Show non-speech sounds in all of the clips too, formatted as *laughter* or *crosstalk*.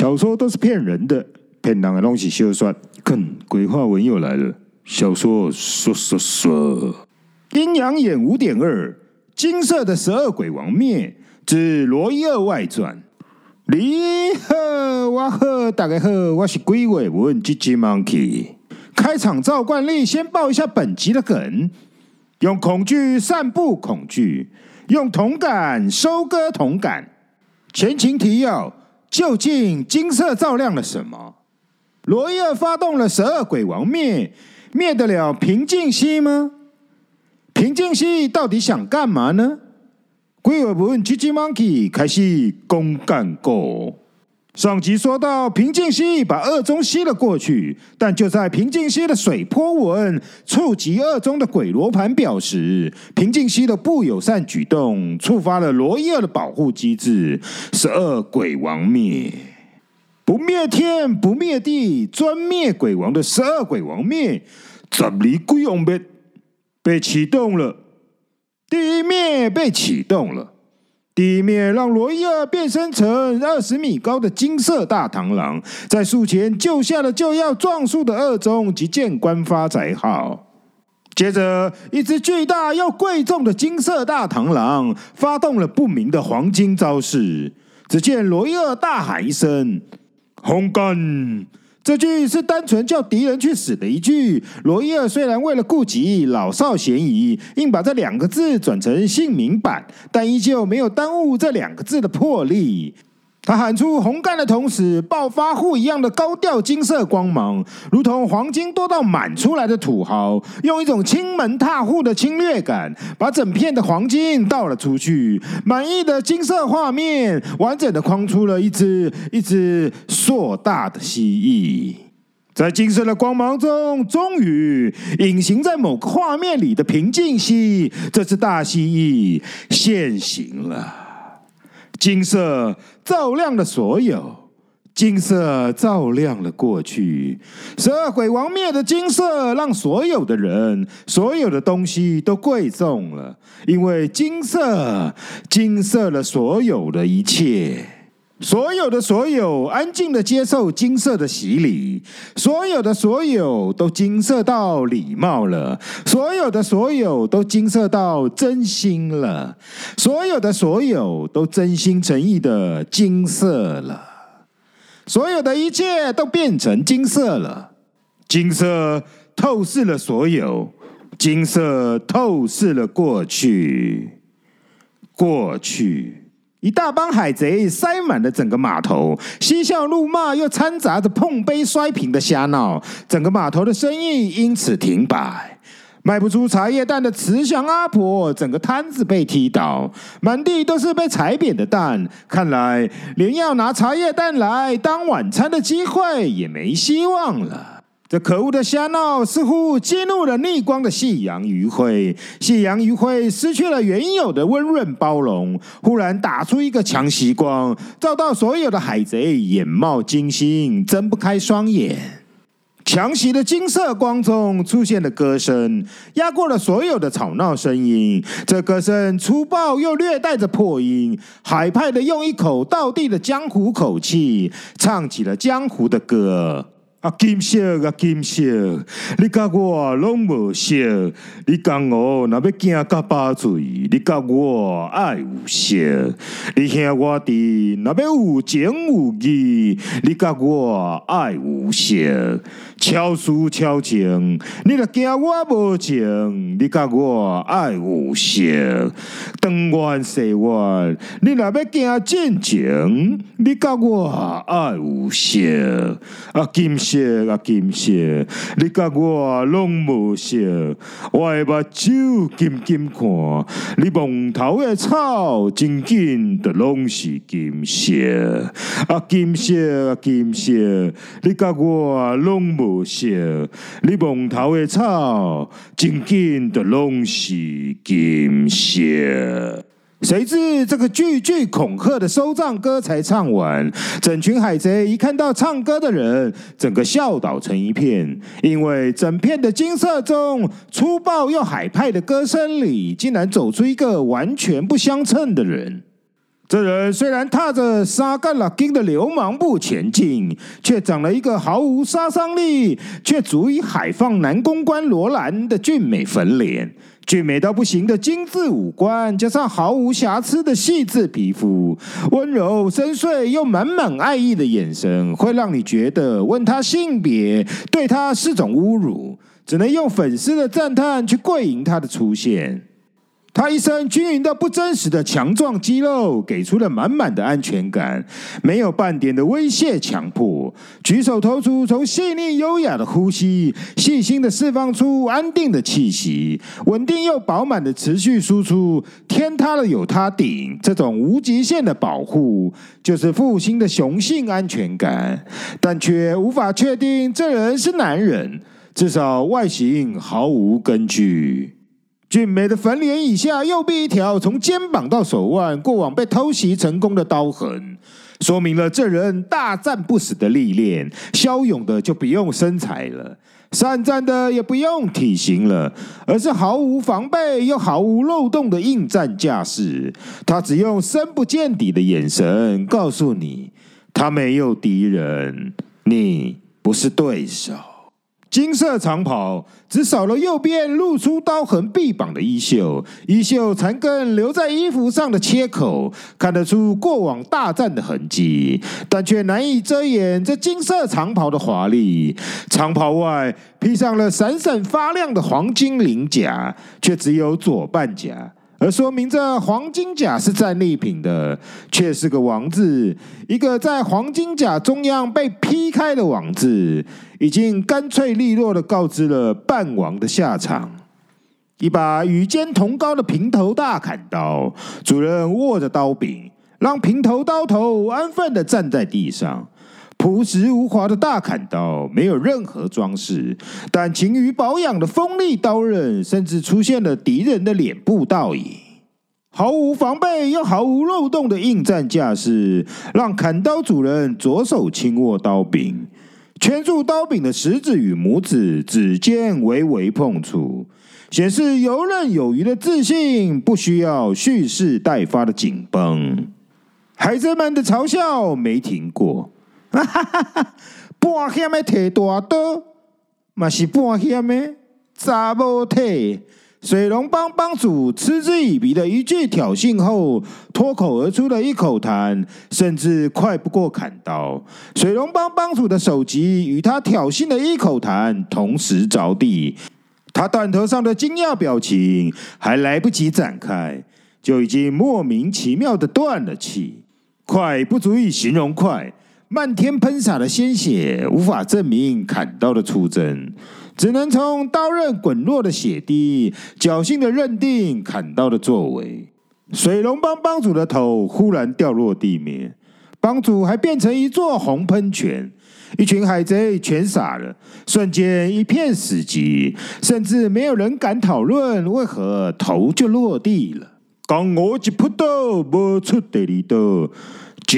小說都是騙人的，騙人的都是小說。看，鬼話文又來了，小說說說說。陰陽眼五點二，金色的十二鬼王滅之羅一二外傳。你好我好大家好，我是鬼話文，是 G G Monkey。開場照慣例，先報一下本集的梗，用恐懼散布恐懼，用同感收割同感。前情提要。究竟金色照亮了什麼？羅一二發動了十二鬼王滅，滅得了平靜西嗎？平靜西到底想幹嘛呢？鬼話文，G G Monkey 開始公幹過。上集說到，平靜溪把惡中吸了過去，但就在平靜溪的水波紋觸及惡中的鬼羅盤，表示平靜溪的不友善舉動觸發了羅一二的保護機制，十二鬼王滅，不滅天不滅地，專滅鬼王的十二鬼王滅，怎離鬼王滅被啟動了，第一滅被啟動了。地面讓羅一二變身成二十米高的金色大螳螂，在樹前救下了就要撞樹的二中及艦官發財號。接着，一隻巨大又貴重的金色大螳螂發動了不明的黃金招式。只見羅一二大喊一聲：“紅根！”這句是單純叫敵人去死的一句。羅一二雖然為了顧及老少咸宜，硬把這兩個字轉成姓名版，但依舊沒有耽誤這兩個字的魄力。他喊出“紅幹”的同時，暴發戶一樣的高調金色光芒，如同黃金多到滿出來的土豪，用一種清門踏戶的侵略感，把整片的黃金倒了出去。滿意的金色畫面，完整的框出了一隻一隻碩大的蜥蜴。在金色的光芒中，終於隱形在某個畫面裡的平靜蜥，這隻大蜥蜴現形了。金色照亮了所有，金色照亮了過去。十二鬼王滅的金色，讓所有的人、所有的東西都貴重了，因為金色，金色了所有的一切。所有的所有安靜的接受金色的洗禮，所有的所有都金色到禮貌了，所有的所有都金色到真心了，所有的所有都真心誠意的金色了，所有的一切都變成金色了，金色透視了所有，金色透視了過去，過去。一大幫海賊塞滿了整個碼頭，嬉笑怒罵又摻雜着碰杯摔瓶的瞎鬧，整個碼頭的生意因此停擺。賣不出茶葉蛋的慈祥阿婆，整個攤子被踢倒，滿地都是被踩扁的蛋。看來，連要拿茶葉蛋來當晚餐的機會也沒希望了。這可惡的瞎鬧似乎激怒了逆光的夕陽餘暉，夕陽餘暉失去了原有的溫潤包容，忽然打出一個強襲光，照到所有的海賊眼冒金星，睜不開雙眼。強襲的金色光中出現了歌聲，壓過了所有的吵鬧聲音。這歌聲粗暴又略帶着破音，海派的用一口道地的江湖口氣唱起了江湖的歌。啊！金色啊，金色你甲我攏無色。你講我若要驚甲巴嘴，你甲我愛無色。你喊我弟若要無情有義，你甲我愛無色。超疏超情，你若驚我無情，你甲我愛無色。當怨世怨，你若要驚真情，你甲我愛無色。啊！金色。啊！金色啊！金色，你甲我攏無色，我目睭金金看，你望頭的草，真緊都攏是金色。啊！金色啊！金色，你甲我攏無色，你望頭的草，真金都攏是金色。誰知這個句句恐嚇的收賬歌，才唱完，整群海賊一看到唱歌的人，整個笑倒成一片。因為整片的金色中，粗暴又海派的歌聲裡，竟然走出一個完全不相稱的人。這人雖然踏着沙干、老丁的流氓步前進，卻長了一個毫無殺傷力，卻足以海放南宮關羅蘭的俊美粉臉。俊美到不行的精緻五官，加上毫無瑕疵的細緻皮膚，溫柔深邃又滿滿愛意的眼神，會讓你覺得問他性別，對他是種侮辱，只能用粉絲的讚嘆去跪迎他的出現。他一身均勻的不真實的強壯肌肉，給出了滿滿的安全感，沒有半點的威脅、強迫。舉手投足，從細膩優雅的呼吸，細心的釋放出安定的氣息，穩定又飽滿的持續輸出。天塌了有他頂，這種無極限的保護，就是父親的雄性安全感，但卻無法確定這人是男人，至少外形毫無根據。俊美的粉臉，以下右臂一條，從肩膀到手腕，過往被偷襲成功的刀痕，說明了這人大戰不死的歷練。驍勇的就不用身材了，善戰的也不用體型了，而是毫無防備又毫無漏洞的應戰架勢。他只用深不見底的眼神告訴你，他沒有敵人，你不是對手。金色長袍只少了右邊露出刀痕臂膀的衣袖，衣袖殘根留在衣服上的切口，看得出過往大戰的痕跡，但卻難以遮掩這金色長袍的華麗。長袍外披上了閃閃發亮的黃金鱗甲，卻只有左半甲。而說明這黃金甲是戰利品的，卻是個王字，一個在黃金甲中央被劈開的王字，已經乾脆利落的告知了半王的下場。一把與肩同高的平頭大砍刀，主人握着刀柄，讓平頭刀頭安分的站在地上。樸實無華的大砍刀，沒有任何裝飾，但勤於保養的鋒利刀刃，甚至出現了敵人的臉部倒影。毫無防備又毫無漏洞的應戰架勢，讓砍刀主人左手輕握刀柄，圈住刀柄的食指與拇指指尖微微碰觸，顯示游刃有餘的自信，不需要蓄勢待發的緊繃。孩子們的嘲笑沒停過。哈哈哈！半險 *laughs* 的提大刀，嘛是半險的。查不體，水龍幫幫主嗤之以鼻的一句挑釁後，脫口而出的一口痰，甚至快不過砍刀。水龍幫幫主的首級與他挑釁的一口痰同時着地，他彈頭上的驚訝表情還來不及展開，就已經莫名其妙地斷了氣。快，不足以形容快。漫天噴灑的鮮血無法證明砍刀的出征，只能從刀刃滾落的血滴，僥幸的認定砍刀的作為。水龍幫幫主的頭忽然掉落地面，幫主還變成一座紅噴泉，一群海賊全傻了，瞬間一片死寂，甚至沒有人敢討論為何頭就落地了。剛我一撲刀，不出第二刀。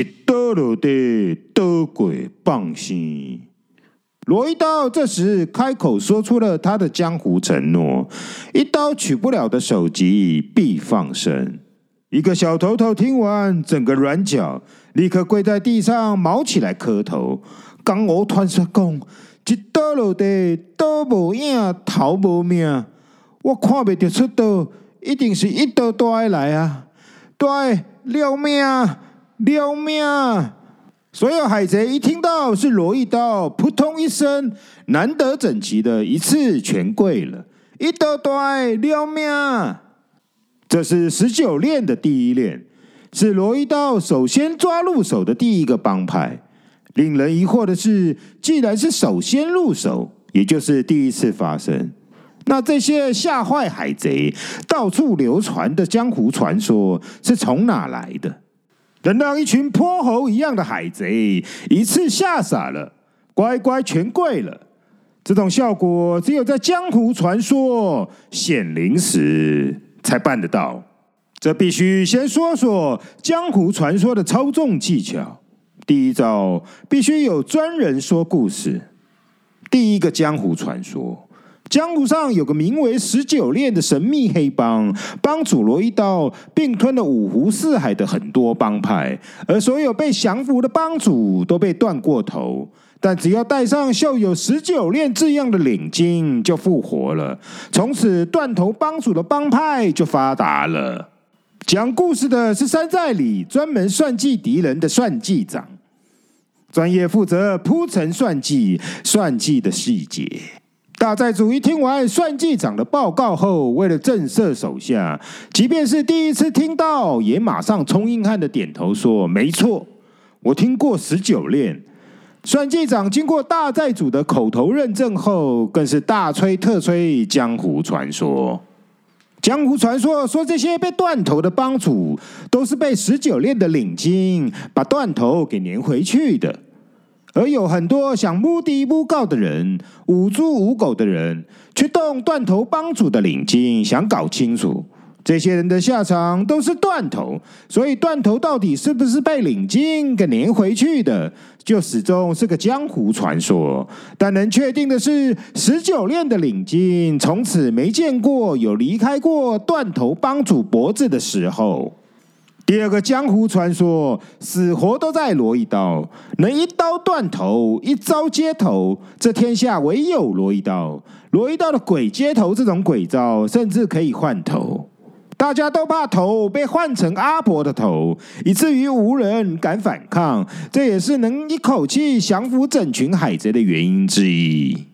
一刀落地，刀鬼放生。羅一刀這時開口說出了他的江湖承諾：一刀取不了的首級，必放生。一個小頭頭聽完整個軟腳，立刻跪在地上，毛起來磕頭。江湖傳說講，一刀落地，刀無影，頭無命。我看袂得出刀，一定是一刀刀來啊！刀了命。饒命！所有海賊一聽到是羅一刀，撲通一聲，難得整齊的一次全跪了。一刀斷饒命！這是十九練的第一練，是羅一刀首先抓入手的第一個幫派。令人疑惑的是，既然是首先入手，也就是第一次發生，那這些嚇壞海賊到處流傳的江湖傳說是從哪來的？能讓一群潑猴一樣的海賊一次嚇傻了，乖乖全跪了，這種效果只有在江湖傳說顯靈時才辦得到。這必須先說說江湖傳說的操縱技巧。第一招，必須有專人說故事。第一個江湖傳說。江湖上有個名為“十九練”的神秘黑幫，幫主羅一刀併吞了五湖四海的很多幫派，而所有被降服的幫主都被斷過頭，但只要戴上繡有“十九練”字樣的領巾，就復活了。從此，斷頭幫主的幫派就發達了。講故事的是山寨裡專門算計敵人的算計長，專業負責鋪陳算計、算計的細節。大寨主一聽完算計長的報告後，為了震懾手下，即便是第一次聽到，也馬上沖硬漢的點頭說：“沒錯，我聽過十九練。”算計長經過大寨主的口頭認證後，更是大吹特吹江湖傳說。江湖傳說說，說這些被斷頭的幫主，都是被十九練的領巾把斷頭給粘回去的。而有很多想摸底摸告的人，無豬無狗的人，去動斷頭幫主的領巾，想搞清楚這些人的下場都是斷頭，所以斷頭到底是不是被領巾給粘回去的，就始終是個江湖傳說。但能確定的是，十九練的領巾從此沒見過有離開過斷頭幫主脖子的時候。第二個江湖傳說，死活都在羅一刀，能一刀斷頭，一招接頭，這天下唯有羅一刀。羅一刀的鬼接頭這種鬼招，甚至可以換頭，大家都怕頭被換成阿婆的頭，以至於無人敢反抗。這也是能一口氣降服整群海賊的原因之一。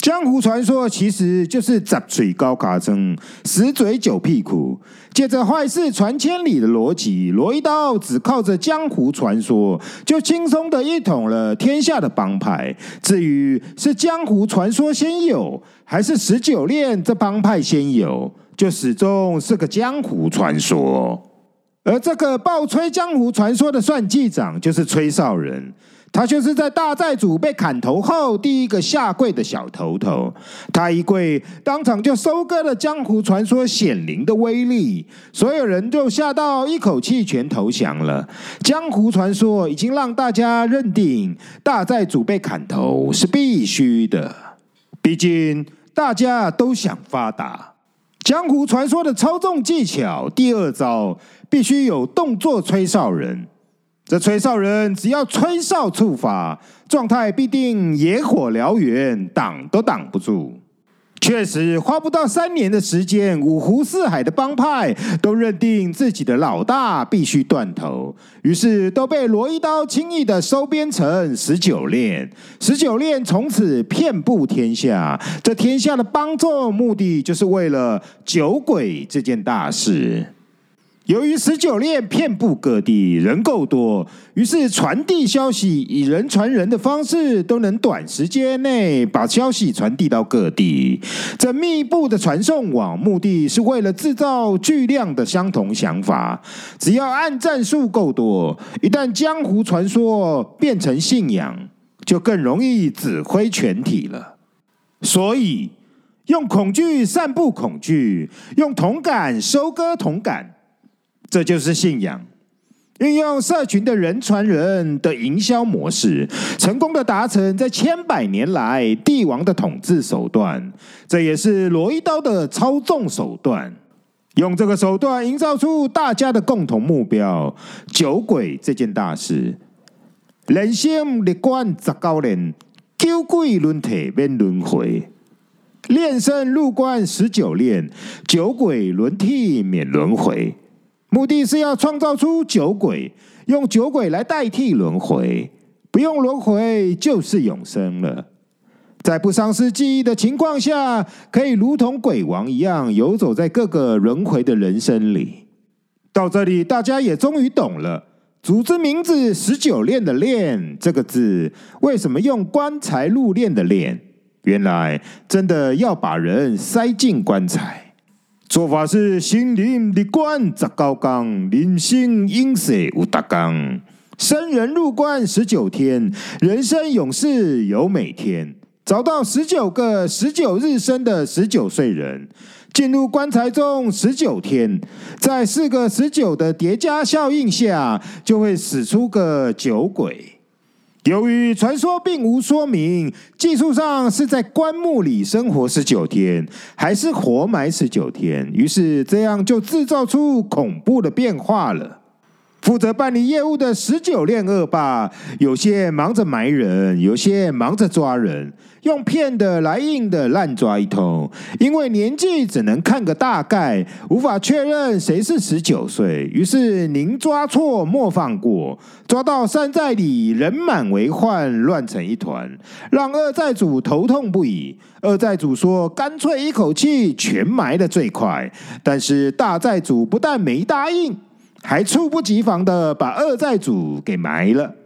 江湖傳說其實就是雜嘴高卡聲，十嘴九屁股，借着壞事傳千里的邏輯，羅一刀只靠着江湖傳說就輕鬆的一統了天下的幫派。至於是江湖傳說先有，還是十九練這幫派先有，就始終是個江湖傳說。而這個爆吹江湖傳說的算計長，就是吹哨人。他就是在大寨主被砍頭後第一個下跪的小頭頭。他一跪，當場就收割了江湖傳說顯靈的威力，所有人就嚇到一口氣全投降了。江湖傳說已經讓大家認定，大寨主被砍頭是必須的。畢竟大家都想發達。江湖傳說的操縱技巧第二招，必須有動作吹哨人。這吹哨人只要吹哨觸發，狀態必定野火燎原，擋都擋不住。確實，花不到三年的時間，五湖四海的幫派都認定自己的老大必須斷頭，於是都被羅一刀輕易地收編成十九練。十九練從此遍布天下，這天下的幫眾目的就是為了酒鬼這件大事。由於十九列，遍佈各地，人夠多，於是傳遞消息以人傳人的方式，都能短時間內把消息傳遞到各地。這密布的傳送網，目的是為了制造巨量的相同想法。只要按戰術夠多，一旦江湖傳說變成信仰，就更容易指揮全體了。所以，用恐懼散布恐懼，用同感收割同感。這就是信仰，運用社群的人傳人的營銷模式，成功的達成在千百年來帝王的統治手段，這也是羅一刀的操縱手段。用這個手段營造出大家的共同目標——酒鬼這件大事。人心立觀十九年酒鬼輪替，免輪回；煉身入觀十九煉，酒鬼輪替免輪回。目的是要創造出酒鬼，用酒鬼來代替輪迴，不用輪迴就是永生了。在不喪失記憶的情況下，可以如同鬼王一樣遊走在各個輪迴的人生裡。到這裡，大家也終於懂了組織名字“十九殮”的“殮”這個字，為什麼用棺材入殮的“殮”？原來真的要把人塞進棺材。做法是：心靈立冠，扎高槓；靈性陰舍無大綱。生人入棺十九天，人生永世有每天。找到十九個十九日生的十九歲人，進入棺材中十九天，在四個十九的疊加效應下，就會使出個酒鬼。由於傳說並無說明，技術上是在棺木裡生活十九天，還是活埋十九天，於是這樣就製造出恐怖的變化了。負責辦理業務的十九練惡霸，有些忙着埋人，有些忙着抓人，用騙的來硬的，亂抓一通。因為年紀只能看個大概，無法確認誰是十九歲，於是您抓錯莫放過，抓到山寨裡人滿為患，亂成一團，讓二寨主頭痛不已。二寨主說：“乾脆一口氣全埋得最快。”但是大寨主不但沒答應。還猝不及防的把二寨主給埋了。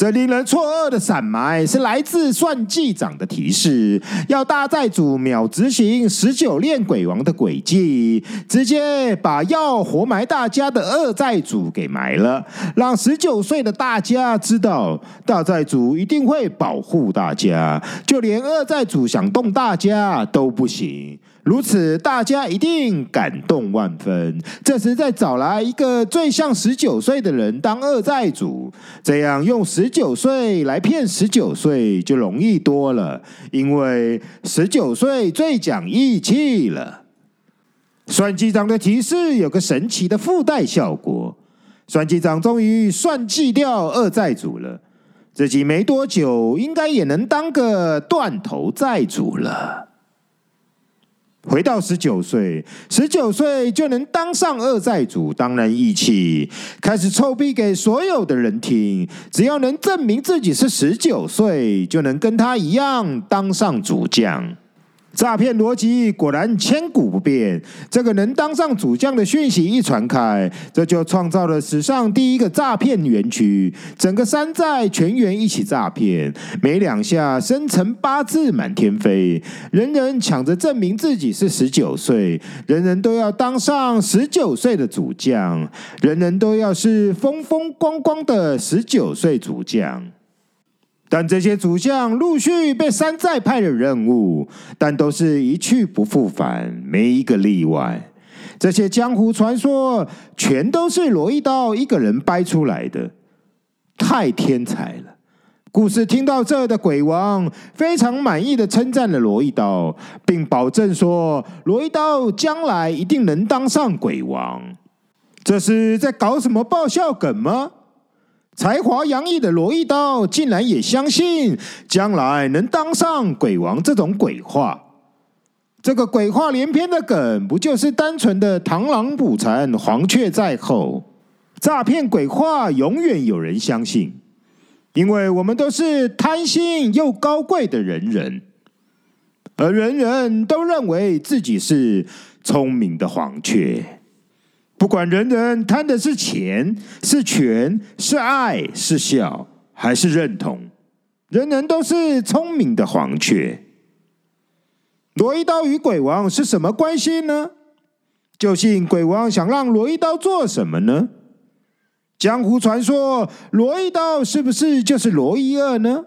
這令人錯愕的閃埋是來自算計長的提示，要大寨主秒執行十九煉鬼王的詭計，直接把要活埋大家的二寨主給埋了，讓十九歲的大家知道大寨主一定會保護大家，就連二寨主想動大家都不行。如此，大家一定感動萬分。這時再找來一個最像十九歲的人當二寨主，這樣用十。十九歲來騙十九歲就容易多了，因為十九歲最講義氣了。算計長的提示有個神奇的附帶效果，算計長終於算計掉二寨主了，自己沒多久應該也能當個斷頭寨主了。回到十九歲，十九歲就能當上二寨主，當然義氣，開始臭屁給所有的人聽。只要能證明自己是十九歲，就能跟他一樣當上主將。詐騙邏輯果然千古不變。這個能當上主將的訊息一傳開，這就創造了史上第一個詐騙園區。整個山寨全員一起詐騙，沒兩下，生辰八字滿天飛，人人搶着證明自己是十九歲，人人都要當上十九歲的主將，人人都要是風風光光的十九歲主將。但這些主將陸續被山寨派的任務，但都是一去不復返，沒一個例外。這些江湖傳說全都是羅一刀一個人掰出來的，太天才了！故事聽到這兒的鬼王非常滿意的稱讚了羅一刀，並保證說羅一刀將來一定能當上鬼王。這是在搞什麼爆笑梗嗎？才華洋溢的羅一刀竟然也相信將來能當上鬼王這種鬼話，這個鬼話連篇的梗，不就是單純的螳螂捕蟬，黃雀在後？詐騙鬼話永遠有人相信，因為我們都是貪心又高貴的人人，而人人都認為自己是聰明的黃雀。不管人人貪的是錢是權是愛是孝還是認同，人人都是聰明的黃雀。羅一刀與鬼王是什麼關係呢？究竟鬼王想讓羅一刀做什麼呢？江湖傳說羅一刀是不是就是羅一二呢？